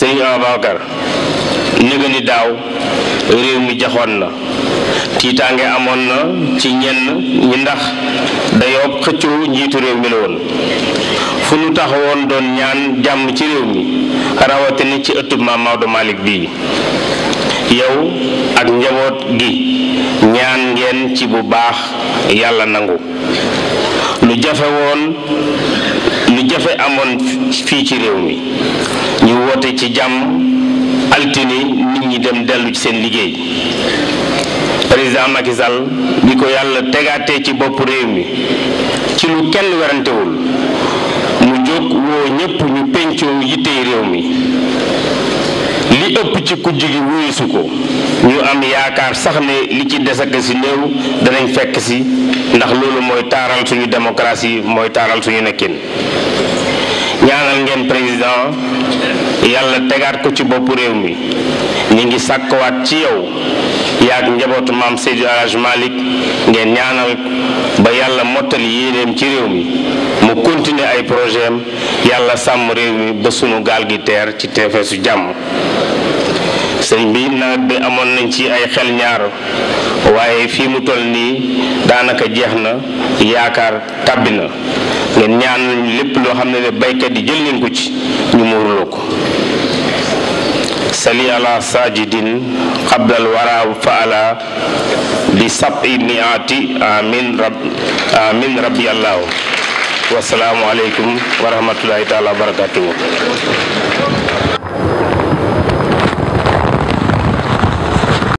sëriñ Ababacar néga ni daaw réew mi jaxoon na tiitaange amoon na ci ñenn ñi ndax dayoob xëccoo njiitu réew mi la woon fu nu taxawoon doon ñaan jàmm ci réew mi rawatina ci ëttub Maam Maodo Malick bii yow ak njaboot gi ñaan ngeen ci bu baax yàlla nangu lu jafe woon amoon fii ci réew mi ñu woote ci jàmm altine nit ñi dem dellu ci seen liggéey président Macky bi ko yàlla tegaatee ci bopp réew mi ci lu kenn werantewul mu jóg woo ñépp ñu pencoo yittey réew mi li ëpp ci kujj gi wuyusu ko ñu am yaakaar sax ne li ci des ak si néew danañ fekk si ndax loolu mooy taaral suñu démocratie mooy taaral suñu nekkin ñaanal ngeen président yàlla tegaat ko ci boppu réew mi ñu ngi sàkkuwaat ci yow yaag njabootu maam Seydi Alhaj Malick ngeen ñaanal ba yàlla mottali yéeneem ci réew mi mu continuer ay projet yàlla sàmm réew mi ba sunu gaal gi teer ci tefesu jàmm sëñ bi nawet bi amoon nañ ci ay xel ñaar waaye fii mu toll nii daanaka jeex na yaakaar tàbbi na ngeen ñaanal lépp loo xam ne ne baykat yi jël ngeen ko ci ñu muurloo ko sali ala sajidin qablal wara fa ala bi sabi miati amin rab amin rabbi allahu wasalaamu aleykum wa rahmatullahi taala wa barakatuhu